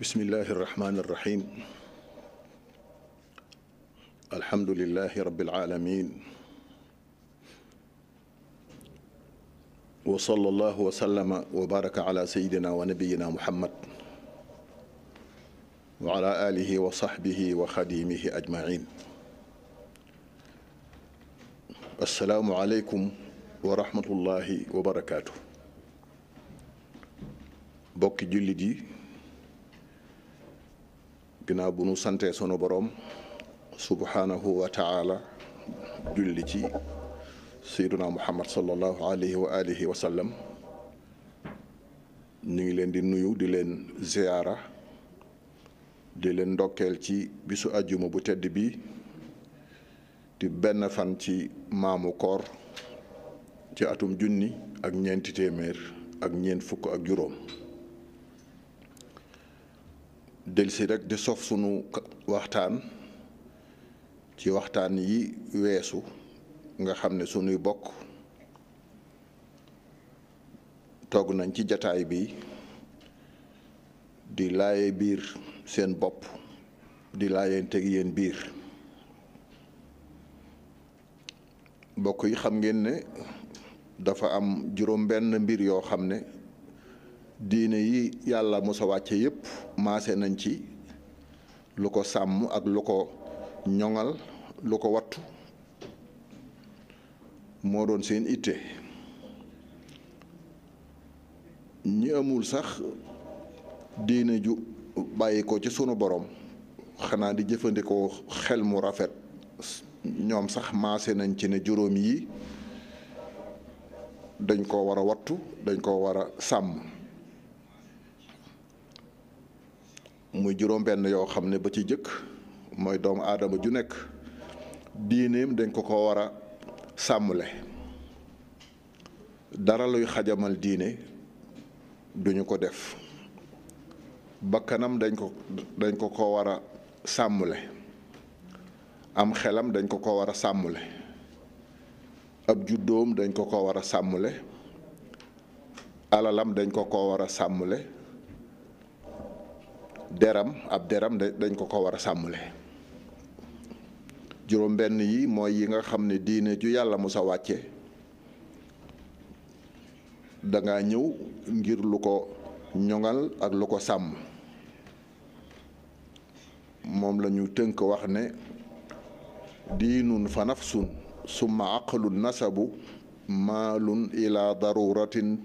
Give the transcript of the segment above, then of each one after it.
bismillahi irrahmani irrahim alhamdulilahi rabiilalamin wa sala allahu wasallama wa baraka ala sayidina wa nabiyina muhammad wa ala alihi wa saxbihi wa xadimihi ajmain assalaamu aleykum wa rahmatullahi wa barakaatu bokki jullit yi ginnaaw bu nu santee sunu boroom subhanahu wa taala julli ci sayduna muhammad sallallahu alayhi wa ñu ngi leen di nuyu di leen ziyaara di leen ndokkeel ci bisu àjjuma bu tedd bi di benn fan ci maamu koor ci atum junni ak ñeenti téeméer ak ñeent fukk ak juróom delsi rek di sof sunu waxtaan ci waxtaan yi weesu nga xam ne sunuy bokk toog nañ ci jataay bi di laaye biir seen bopp di laayeenteeg yéen biir bokk yi xam ngeen ne dafa am juróom benn mbir yoo xam ne diine yi yàlla mos a wàcce yépp maase nañ ci lu ko sàmm ak lu ko ñoŋal lu ko wattu moo doon seen itte ñi amul sax diine ju bàyyi ko ci sunu boroom xanaa di jëfandikoo xel mu rafet ñoom sax maase nañ ci ne juróom yi dañ ko war a wattu dañ ko war a sàmm muy juróom-benn yoo xam ne ba ci jëkk mooy doomu aadama ju nekk diineem dañ ko ko war a sàmmule dara luy xajamal diine duñu ko def bakkanam dañ ko dañ ko ko war a sàmmule am xelam dañ ko ko war a sàmmule ab juddoom dañ ko ko war a sàmmule alalam dañ ko ko war a sàmmule deram ab deram dañ ko ko war a sàmmule juróom benn yi mooy yi nga xam ne diine ju yàlla mu sa wàcce danga ñëw ngir lu ko ñoŋal ak lu ko sàmm moom lañu tënk wax ne diinun fa nafsun summa aqlun nasabu maalun ila daruratin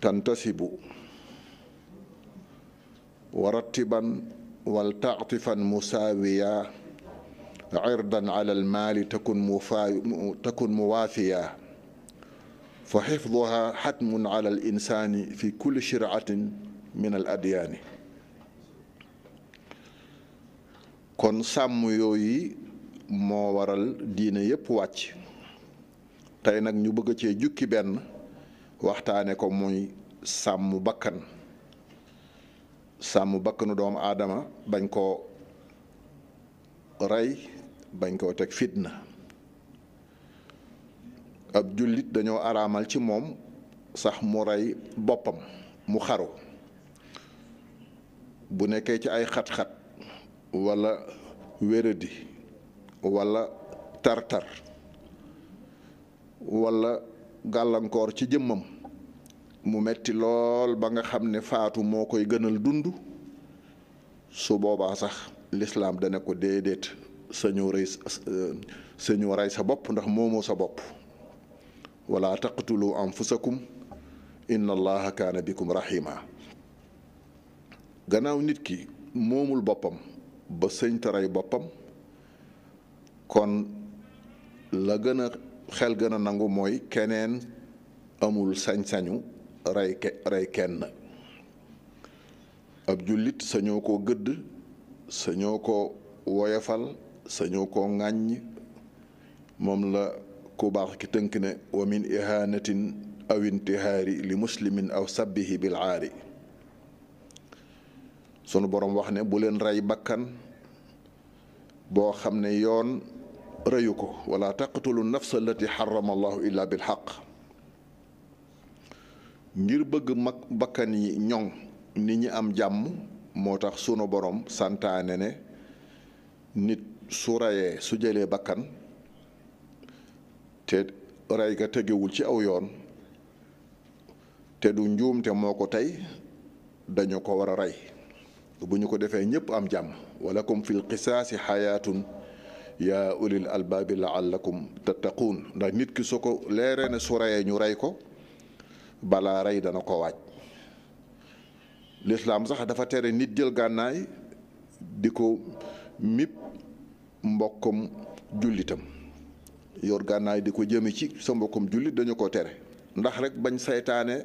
tantasibu ورتبا والتعطفا مساويا عرضا على المال تكن, تكن موافيا فحفظها حتم على الإنسان في كل شرعة من الأديان kon sàmm yooyu moo waral diine yépp wàcc tey nag ñu bëgg cee jukki benn waxtaane ko muy sàmm bakkan sàmm bakkanu doomu aadama bañ koo rey bañ koo teg fitna ab jullit dañoo araamal ci moom sax mu rey boppam mu xaru bu nekkee ci ay xat-xat wala wéradi wala tartar wala gàllankoor ci jëmmam mu metti lool ba nga xam ne faatu moo koy gënal dund su boobaa sax lislaam dana ko déedéet sañu rey sañu rey sa bopp ndax moomoo sa bopp wala taqtulu anfusakum inna allaha kaana bikum rahima gannaaw nit ki moomul boppam ba sëñta rey boppam kon la gën a xel gën a nangu mooy keneen amul sañ-sañu rey ke rey kenn ab jullit sañoo koo gëdd sañoo ko woyofal sañoo ko ŋàññ moom la ku baax ki tënk ne wa min ihanatin aw intihaari li muslimin aw sabbihi bil aari sunu boroom wax ne bu leen rey bàkkan boo xam ne yoon reyu ko wala taqtulu nafsa allati xarama bil xaq ngir bëgg mag bakkan yi ñoŋ nit ñi am jàmm moo tax sunu borom santaane ne nit su rayee su jëlee bakkan te rey ga tegewul ci aw yoon te du njuumte moo ko tey dañu ko war a rey bu ñu ko defee ñépp am jàmm wala walakum fil qisaasi xayaatun yaa ulil albaabi laallakum tattaquun ndax nit ki su ko leeree na su reyee ñu rey ko balaa rey dana ko waaj lislaam sax dafa tere nit jël gànnaay di ko mib mbokkum jullitam yor gànnaay di ko jëme ci sa mbokkum jullit dañu ko tere ndax rek bañ seytaane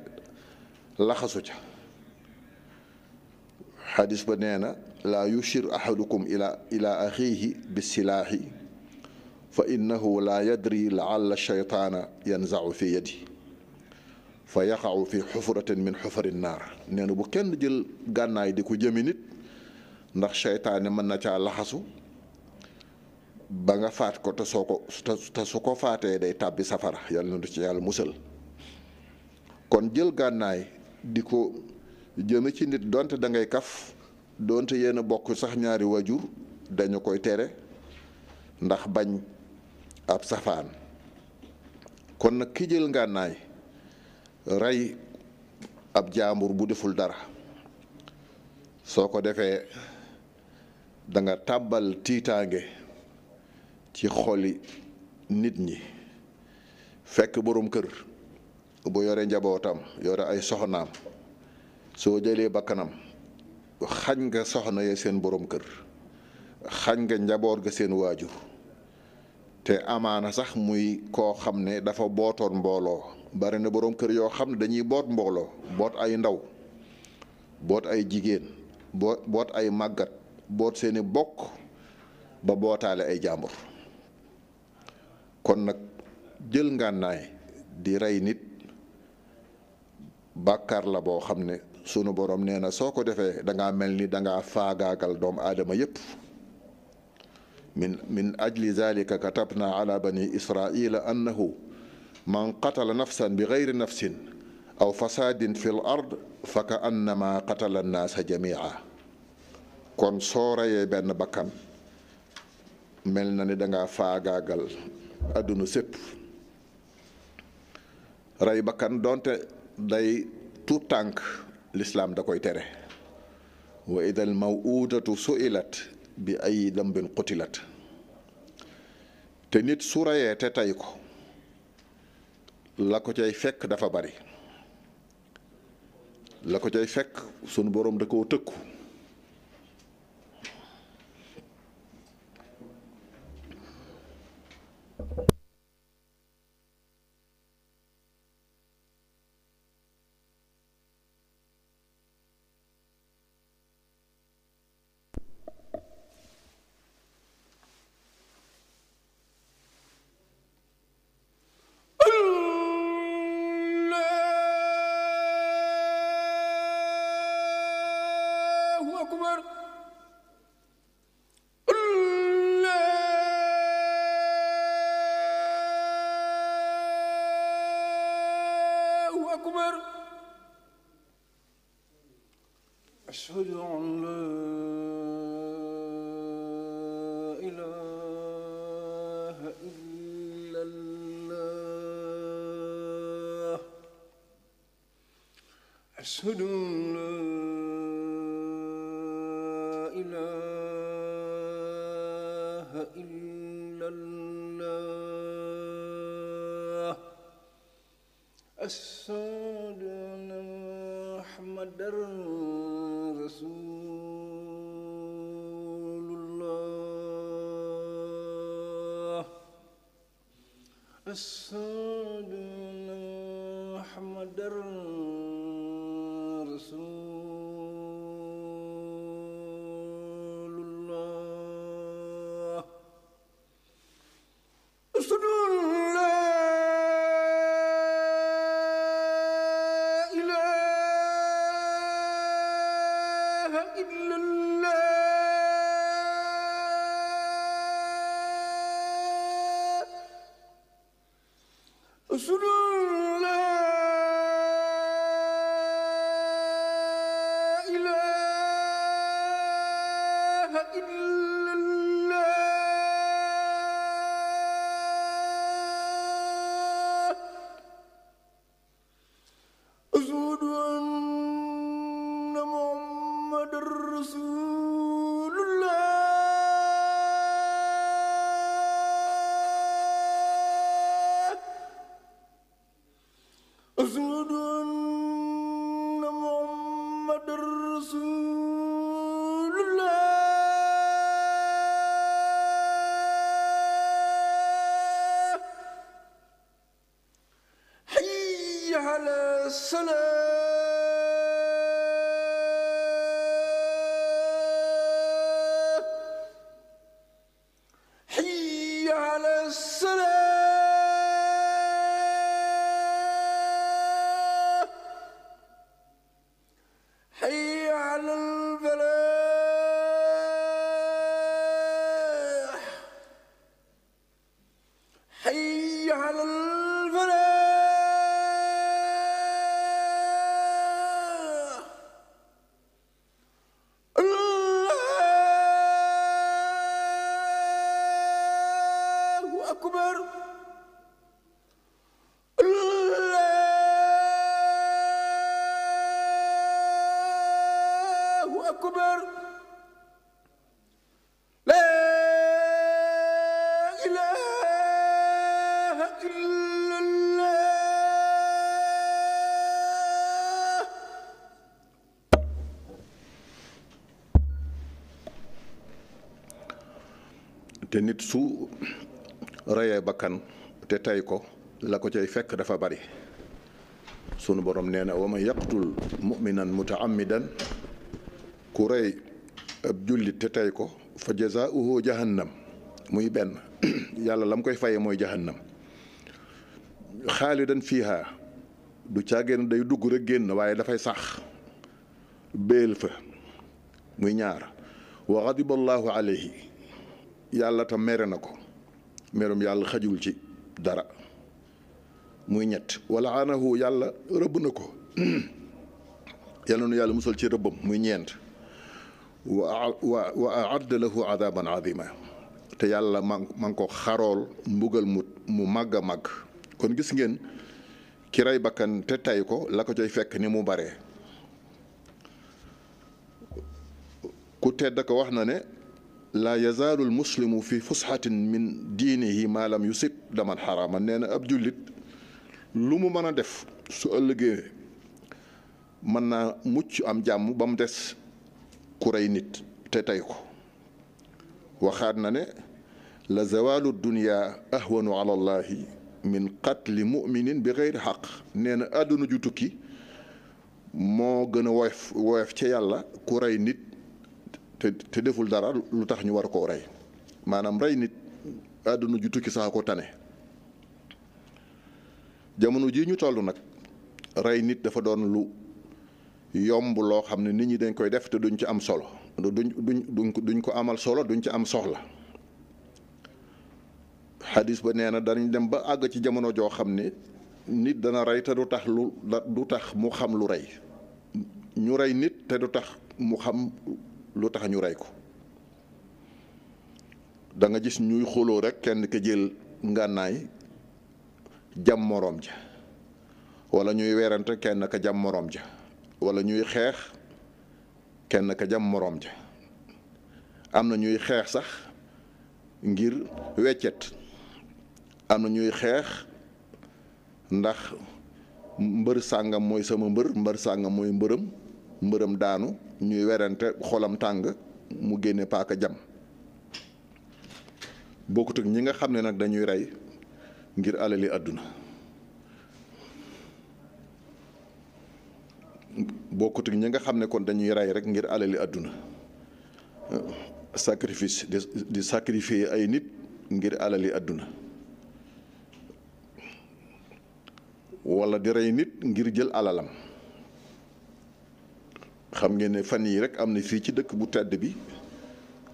laxasu ca xadis ba nee na laa yushir ahadukum ila ila axiihi bisilaahi fa innahu laa yadri laalla shaytaana yanzaau fi yadi fa yaqaw fi xufratin min xufari naar nee bu kenn jël gànnaay di ko jëmi nit ndax seytaane mën na caa laxasu ba nga faat ko te soo ko te su ko faatee day tàbbi safara yàlla na ci yàlla musal kon jël gànnaay di ko jëme ci nit donte dangay kaf donte yéen bokk sax ñaari wajur dañu koy tere ndax bañ ab safaan kon nag ki jël gànnaay rey ab jaambur bu deful dara soo ko defee danga nga tàbbal tiitaange ci xoli nit ñi fekk boroom kër bu yore njabootam yore ay soxnaam soo jëlee bakkanam xañ nga soxna ya seen boroom kër xañ nga njaboot ga seen waajur te amaana sax muy koo xam ne dafa bootoon mbooloo bari na boroom kër yoo xam ne dañuy boot mbooloo boot ay ndaw boot ay jigéen boot boot ay màggat boot seeni bokk ba bootaale ay jàmbur kon nag jël ngànnaay di rey nit bàkkaar la boo xam ne sunu boroom nee na soo ko defee dangaa mel ni danga faagaagal doomu aadama yépp min min ajli zalika katabna ala bani israila annahu man qatala nafsan bi gayri nafsin aw fasaadin fil ard fa ka annama qatala annaasa jamia kon soo reyee benn bakkan mel na ni danga faagaagal àdduna sépp rey bakkan donte day tuut tànk lislaam da koy tere wa idal mawuudatu suilat bi ay dambin qutilat te nit su reyee te tey la ko cay fekk dafa bari la ko cay fekk sunu borom da koo tëkku إلى الله أشهد أن محمدا رسول الله أشهد أن محمدا على الصلاه te nit su reyee bakkan te tey ko la ko cay fekk dafa bari sunu boroom nee na wa man yaqtul muminan mutaamidan ku rey ab jullit te tey ko fa jazaauhu jahannam muy benn yàlla lam koy faye mooy jahannam xaalidan fiiha du caagéen day dugg rek génn waaye dafay sax béel fa muy ñaar wa ghadiba allahu yàlla tam mere na ko merum yàlla xajul ci dara muy ñett wala anahu yàlla rëbb na ko yàlla nu yàlla musal ci rëbbam muy ñeent wa wa wa aadda lahu adaban azima te yàlla ma ma ko xarool mbugal mu mu màgg a màgg kon gis ngeen ki rey bakkan te tay ko la ko coy fekk ni mu bare ku tedd ko wax na ne laa yazaalul muslimu fi fusxatin min diinihi maa lam yusib daman xaraaman nee na ab jullit lu mu mën a def su ëllëgee mën naa mucc am jàmm ba mu des ku rey nit te tey ko waxaat na ne la zawaalu dunia ahwanu ala allahi min qatli muminin bi xeyri xaq nee na àdduna ju tukki moo gën a woyof woyof ca yàlla ku rey nit te te deful dara lu tax ñu war koo rey maanaam rey nit àdduna ju tukki sax ko tane jamono jii ñu toll nag rey nit dafa doon lu yomb loo xam ne nit ñi dañ koy def te duñ ci am solo duñ duñ duñ ko amal solo duñ ci am soxla xadis ba nee na danañ dem ba àgg ci jamono joo xam ne nit dana rey te du lu du tax mu xam lu rey ñu rey nit te du tax mu xam lu tax ñu rey ko danga gis ñuy xuloo rek kenn ka jël ngànnaay jam moroom ja wala ñuy weerante kenn ka ja wala ñuy xeex kenn ka jam moroom ja am na ñuy xeex sax ngir weccet am na ñuy xeex ndax mbër sàngam mooy sama mbër mbër sàngam mooy mbërëm mbërëm daanu ñuy werante xolam tàng mu génne paaka jam bokkut ak ñi nga xam ne nag dañuy rey ngir alali àdduna bokkut ak ñi nga xam ne kon dañuy rey rek ngir alali àdduna sacrifice di sacrifier ay nit ngir alali àdduna wala di rey nit ngir jël alalam xam ngeen ne fan yii rek am na fii ci dëkk bu tedd bi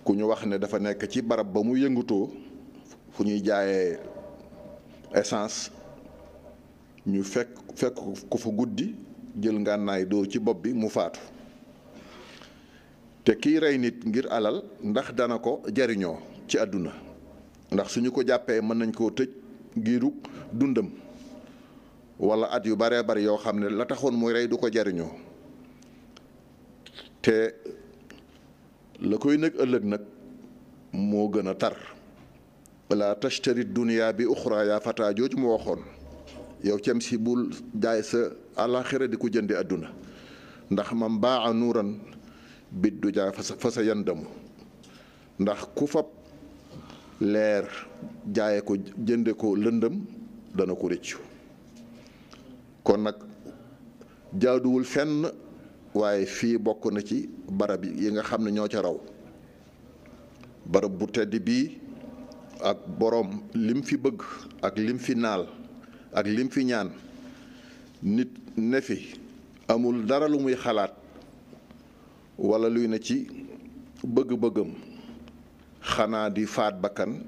ku ñu wax ne dafa nekk ci barab ba mu yëngutoo fu ñuy jaaye essence ñu fekk fekk ko fa guddi jël ngànnaay doo ci bopp bi mu faatu te kiy rey nit ngir alal ndax dana ko jariñoo ci àdduna ndax suñu ko jàppee mën nañ koo tëj giiru dundam wala at yu baree bari yoo xam ne la taxoon muy rey du ko jariñoo te la koy nekk ëllëg nag moo gën a tar wala tashtari dunia bi uxra yaa fataa jooju waxoon yow cem si bul jaay sa àlaxira di ko jënde àdduna ndax man baa a nuuran bit du jaay fa sa yandamu ndax ku fab leer jaaye ko jënde ko lëndëm dana ko rëccu kon nag jaaduwul fenn waaye fii bokk na ci barab yi nga xam ne ñoo ca raw barab bu tedd bii ak boroom lim fi bëgg ak lim fi naal ak lim fi ñaan nit ne fi amul dara lu muy xalaat wala luy na ci bëgg-bëggam xanaa di faat bakkan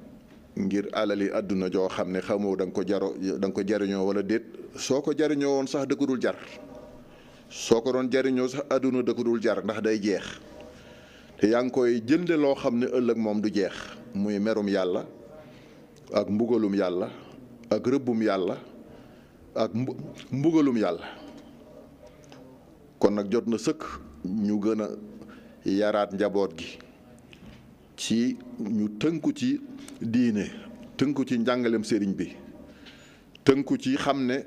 ngir alali àdduna joo xam ne xamoo da nga ko jaro da ko jariñoo wala déet soo ko jariñoo woon sax dëkkadul jar soo ko doon jariñoo sax àdduna da jar ndax day jeex te yaa ngi koy jënde loo xam ne ëllëg moom du jeex muy merum yàlla ak mbugalum yàlla ak yàlla ak mbugalum yàlla kon nag jot na sëkk ñu gën a yaraat njaboot gi ci ñu tënku ci diine tënku ci njàngalem sëriñ bi tënku ci xam ne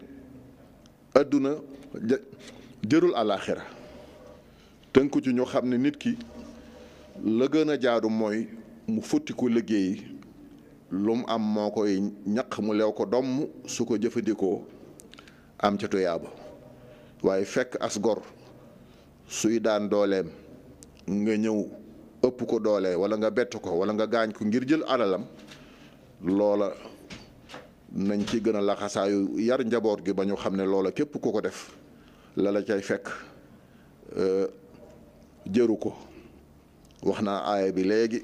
àdduna jërul alaaxira tënku ci ñu xam ne nit ki la gën a jaadu mooy mu futti ko liggéey lu mu am moo koy ñaq mu lew ko domm su ko jëfandikoo am ca tuyaaba waaye fekk as gor suy daan dooleem nga ñëw ëpp ko doole wala nga bett ko wala nga gaañ ko ngir jël alalam loola nañ ci gën a laxasaayu yar njaboot gi ba ñu xam ne loola képp ku ko def la la fekk euh, jëru ko wax naa aaya bi léegi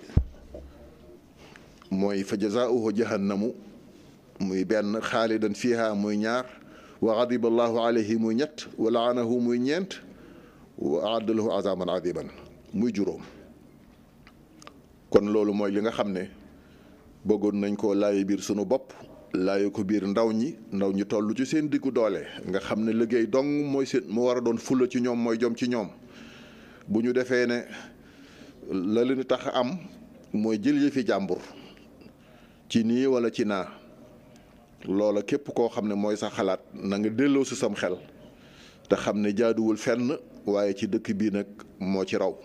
mooy fa jazaauhu jahannamu muy benn xaalidan fiha muy ñaar wa xadiba allahu alayhi muy ñett wa laanahu muy ñeent wa addalahu azaban adiban muy juróom kon loolu mooy li nga xam ne bëggoon nañ koo laayi biir sunu bopp laaye ko biir ndaw ñi ndaw ñi toll ci seen diggu doole nga xam ne liggéey dong mooy seen mu war a doon fula ci ñoom mooy jom ci ñoom bu ñu defee ne lalanu leen tax am mooy jël yëfi jàmbur ci nii walla ci naa loola képp koo xam ne mooy sa xalaat na nga delloo si sam xel te xam ne jaaduwul fenn waaye ci dëkk bii nag moo ci raw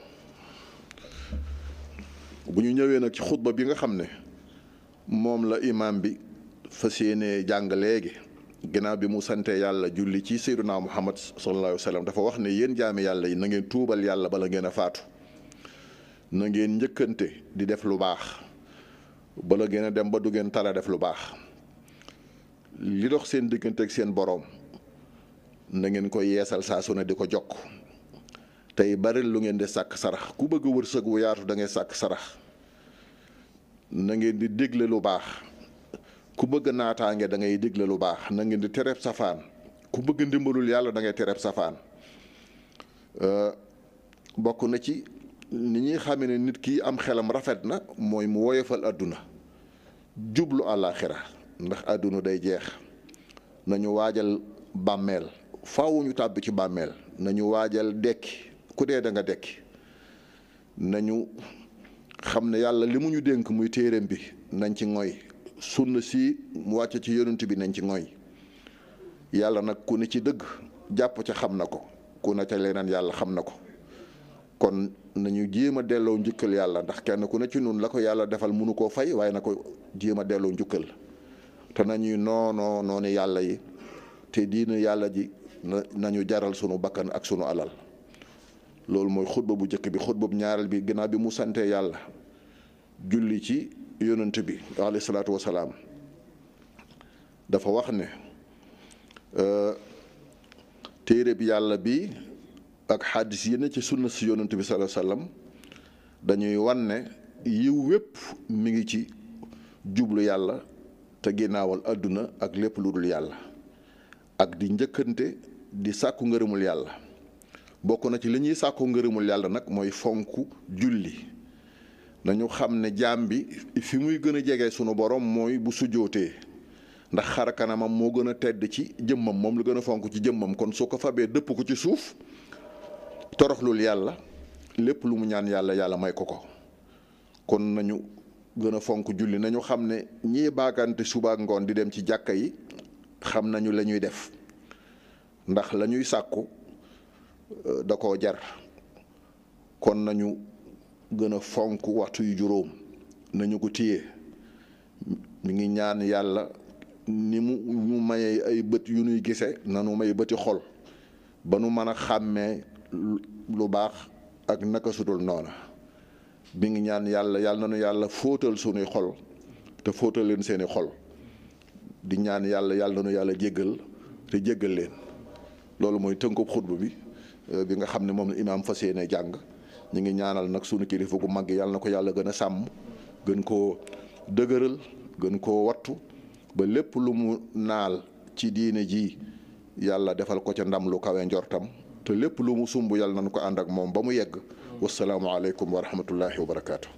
bu ñu ñëwee nag ci xutba bi nga xam ne moom la imaam bi fas yéene jàng léegi ginnaaw bi mu sante yàlla julli ci sayyiduna muhammad sallallahu alayhi wa dafa wax ne yéen jaami yàlla yi na ngeen tuubal yàlla bala ngeen a faatu na ngeen njëkkante di def lu baax bala ngeen a dem ba du ngeen tara def lu baax li dox seen diggante ak seen boroom na ngeen koy yeesal saa su di ko jokk tey bari lu ngeen di sàkk sarax ku bëgg wërsëg wu yaatu da ngay sàkk sarax na ngeen di dégle lu baax ku bëgg naataange da ngay digle lu baax na ngeen di tereb safaan ku bëgg ndimbalul yàlla da ngay tereb safaan euh, bokk na ci ni ñuy xamee ne nit ki am xelam rafet na mooy mu woyofal àdduna jublu àllaaxira ndax àdduna day jeex nañu waajal bàmmeel faaw ñu tàbbi ci bàmmeel nañu waajal dekki ku dee da nga dekki nañu xam ne yàlla li mu ñu dénk muy téereem bi nañ ci ngoy sunna si mu wàcc ci yonent bi nañ ci ngoy yàlla nag ku ne ci dëgg jàpp ca xam na ko ku ne ca leneen yàlla xam na ko kon nañu jéem a delloo njukkal yàlla ndax kenn ku ne ci nun la ko yàlla defal mënu koo fay waaye na ko jéem a delloo njukkal te nañuy noonoo noonu yàlla yi te diina yàlla ji nañu jaral sunu bakkan ak sunu alal loolu mooy xutba bu njëkk bi xutba bu ñaareel bi gannaaw bi mu sante yàlla julli ci yonent bi alayhi salaatu wa salaam dafa wax ne euh, téere bi yàlla bi ak xaddis yi ne ci sunna si yonent bi sallallahu alayhi wasallam dañuy wan ne yiw wépp mi ngi ci jublu yàlla te ginnaawal àdduna ak lépp lu dul yàlla ak di njëkkante di sàkku ngërëmul yàlla bokk na ci li ñuy sàkkoo ngërëmul yàlla nag mooy fonk julli nañu xam ne jaam bi fi muy gën a jege sunu borom mooy bu sujjootee ndax xar kanamam moo gën a tedd ci jëmmam moom lu gën a fonk ci jëmmam kon soo ko fabee dëpp ko ci suuf toroxlul yàlla lépp lu mu ñaan yàlla yàlla may ko ko kon nañu gën a fonk julli nañu xam ne ñii baagante suba ak ngoon di dem ci jàkka yi xam nañu la ñuy def ndax lañuy sàkku euh, da koo jar kon nañu gën fonk waxtu yu juróom nañu ko téye mi ngi ñaan yàlla ni mu ñu mayee ay bët yu ñuy gisee nanu may bëti xol ba nu mën a xàmmee lu baax ak naka sudul noona bi ngi ñaan yàlla yàlla nanu yàlla fóotal sunuy xol te fóotal leen seeni xol di ñaan yàlla yàlla nanu yàlla jéggal te jéggal leen loolu mooy tënku xutba bi bi nga xam ne moom la imaam fas yéene jàng ñu ngi ñaanal nag sunu kilifa gu mag yàlla na ko yàlla gën a sàmm gën koo dëgëral gën koo wattu ba lépp lu mu naal ci diine ji yàlla defal ko ca ndam lu kawe njortam te lépp lu mu sumb yàlla nañu ko ànd ak moom ba mu yegg wasalaamualeykum wa rahmatullahi wa barakaatu.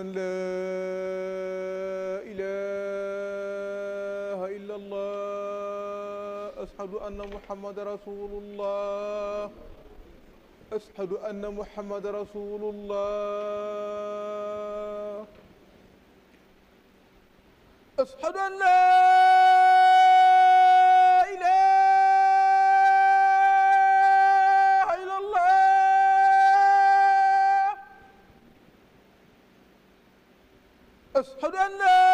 an laa ilaaha illa allah ashhadu anna muhammadan rasulullah ashhadu anna muhammadan rasulullah ashhadu an laa ashhadu an la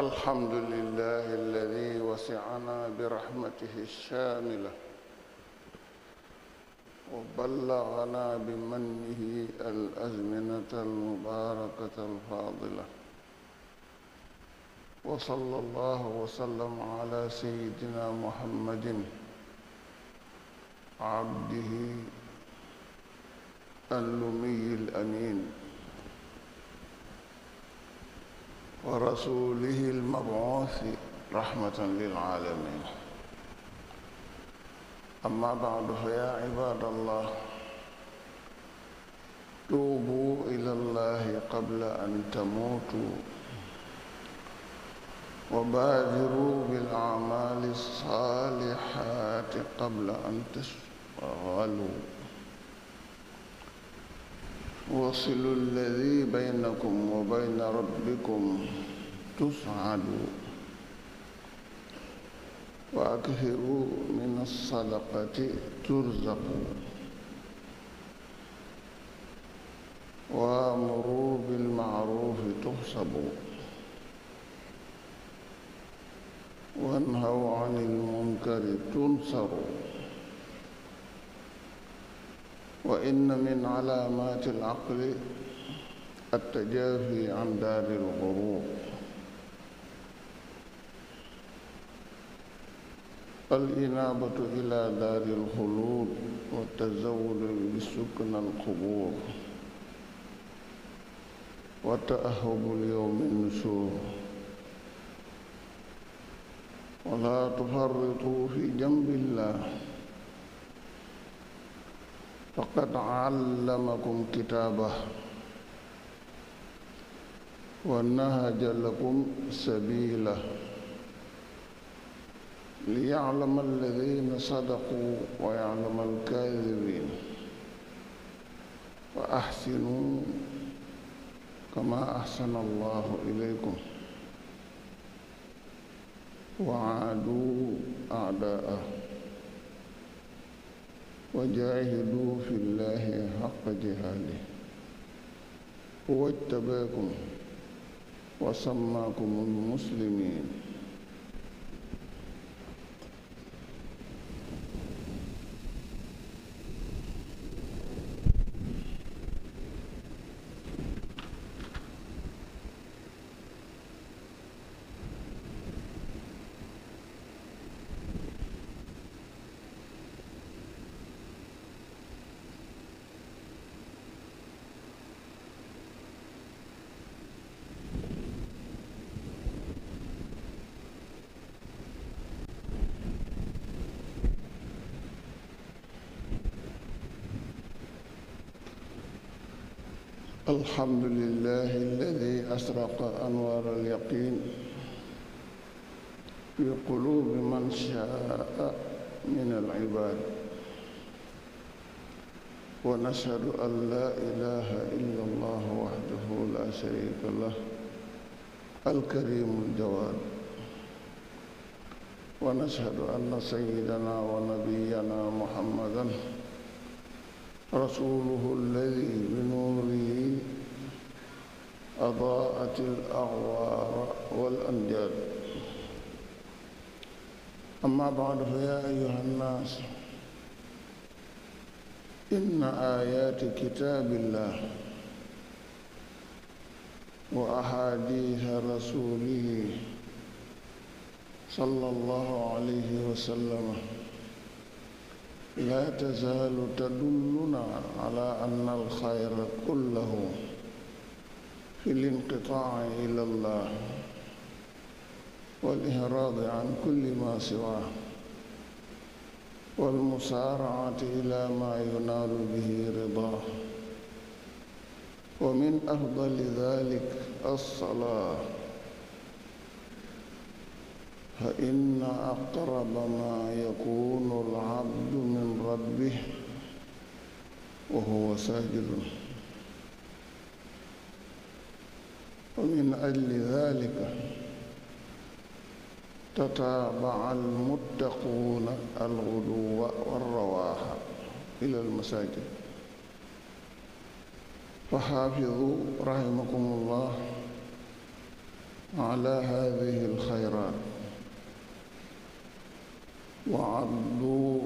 الحمد لله الذي وسعنا برحمته الشاملة وبلغنا بمنه الأزمنة المباركة الفاضلة وصلى الله وسلم على سيدنا محمد عبده اللمي الأمين رسوله المبعوث رحمة للعالمين أما بعد فيا عباد الله توبوا إلى الله قبل أن تموتوا وبادروا بالأعمال الصالحات قبل أن تشتغلوا وصلوا الذي بينكم وبين ربكم تفعلوا وأكثروا من الصدقة ترزقوا وأمروا بالمعروف تحسبوا وانهوا عن المنكر تنصروا وإن من علامات العقل التجافي عن دار الغرور alinaabatu ila daari alxuluud wa tazawudu bi sukna alqubuur wa taahubu lyowmi nusuur wala tufarritu fi jambillah faqad allamakum kitaabah wa nahaja lakum sabilah ليعلم الذين صدقوا ويعلم الكاذبين وأحسنوا كما أحسن الله إليكم وعادوا أعداءه وجاهدوا في الله حق جهاده هو اجتباكم وسماكم المسلمين الحمد لله الذي أسرق أنوار اليقين في قلوب من شاء من العباد ونشهد أن لا إله إلا الله وحده لا شريك له الكريم الجواد ونشهد أن سيدنا ونبينا محمدًا رسوله الذي بنوره أضاءت الأغوار والأمجاد أما بعد فيا أيها الناس إن آيات كتاب الله وأحاديث رسوله صلى الله عليه وسلم laa tazaalu tadulluna ala anna alxayra kullahu fi linqitaaci ila allah walihraadi can kulli ma siwaa walmusaaracati ila maa yunaalu bihi ridaa wa min afdali dalik alsalaa فإن أقرب ما يكون العبد من ربه وهو ساجد ومن أجل ذلك تتابع المتقون الغدو والرواح إلى المساجد فحافظوا رحمكم الله على هذه الخيرات وعضوا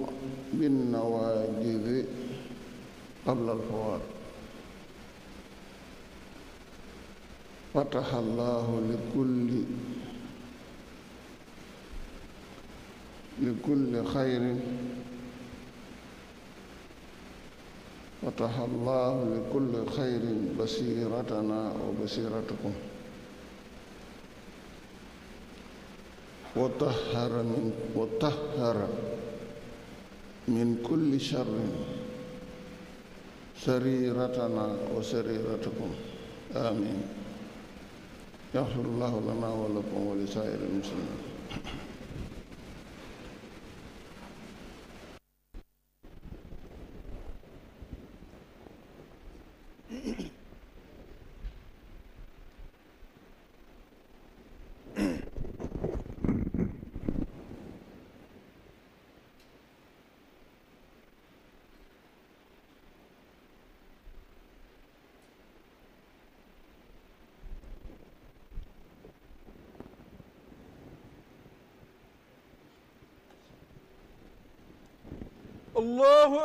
بالنواجذ قبل الفوات فتح الله لكل لكل خير فتح الله لكل خير بصيرتنا وبصيرتكم wa tahara min wa tahara min kulli sharrin sariratana wa sariratakum amin yaxfirullahu lana wa lakum wa li saa'iril muslimin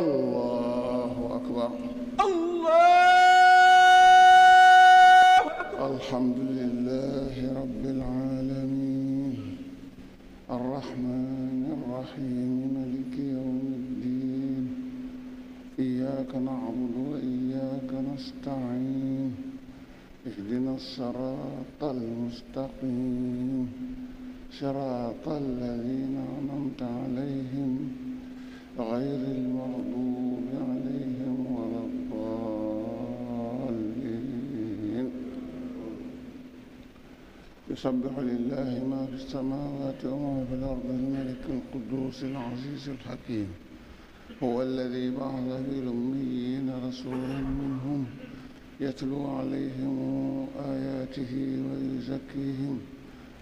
allahu akbar allahu akbar alhamdulillahi rabbil alamin arrahmani arrahim maliki yawmi ddin iyyaka na'budu wa iyyaka nasta'in اهدنا الصراط المستقيم صراط الذين أنعمت عليهم غير المغضوب عليهم ولا الضالين يسبح لله ما في السماوات وما في الأرض الملك القدوس العزيز الحكيم هو الذي بعث في الأميين رسولا منهم يتلو عليهم آياته ويزكيهم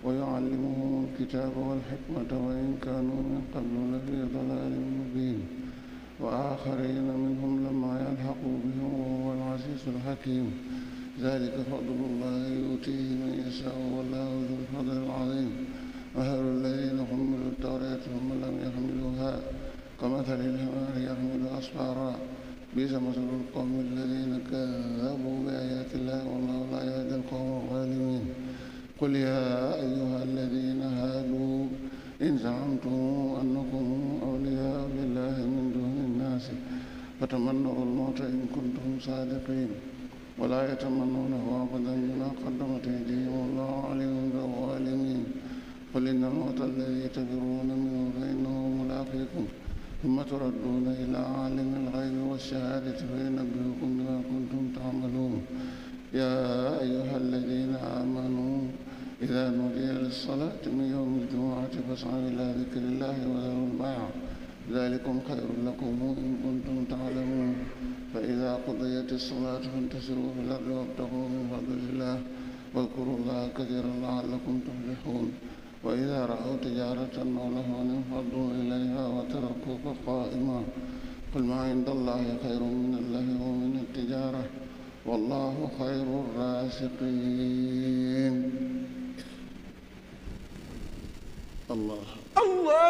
ويعلمهم الكتاب والحكمة وإن كانوا من قبل لفي ضلال مبين وآخرين منهم لما يلحقوا بهم وهو العزيز الحكيم ذلك فضل الله يؤتيه من يشاء والله ذو الفضل العظيم مثل الذين حملوا التوراة ثم لم يحملوها كمثل الحمار يحمل أسفارا بئس مثل القوم الذين كذبوا بآيات الله والله لا يهدي القوم الظالمين قل يا أيها الذين هادوا إن زعمتم أنكم أولياء لله من دون الناس فتمنوا الموت إن كنتم صادقين ولا يتمنونه أبدا بما قدمت أيديهم والله عليم بالظالمين قل إن الموت الذي تفرون منه فإنه ملاقيكم ثم تردون إلى عالم الغيب والشهادة فينبئكم بما كنتم تعملون يا أيها الذين آمنوا إذا نودي للصلاة من يوم الجمعة فاسعوا إلى ذكر الله وذروا البيع ذلكم خير لكم إن كنتم تعلمون فإذا قضيت الصلاة فانتشروا في الأرض وابتغوا من فضل الله واذكروا الله كثيرا لعلكم تفلحون وإذا رأوا تجارة أو لهوا انفضوا إليها وتركوك قائما قل ما عند الله خير من الله ومن التجارة والله خير الرازقين الله الله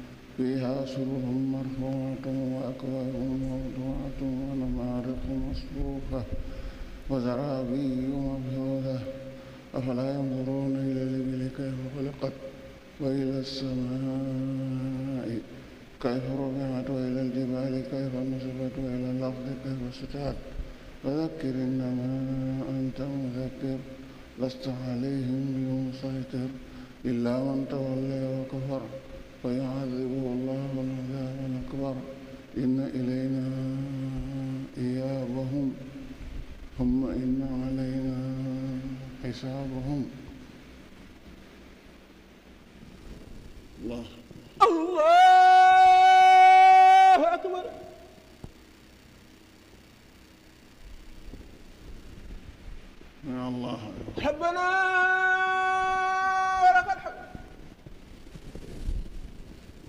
فيها سرر مرفوعة وأكواب موضوعة ونمارق مصفوفة وزرابي مبثوثة أفلا ينظرون إلى الإبل كيف خلقت وإلى السماء كيف رفعت وإلى الجبال كيف نصبت وإلى الأرض كيف سطحت فذكر إنما أنت مذكر لست عليهم بمسيطر إلا من تولي وكفر ويعذبه الله العذاب الأكبر إن إلينا إيابهم ثم إن علينا حسابهم الله الله أكبر يا الله ربنا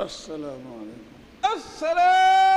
asalaamaaleykum. asalaam.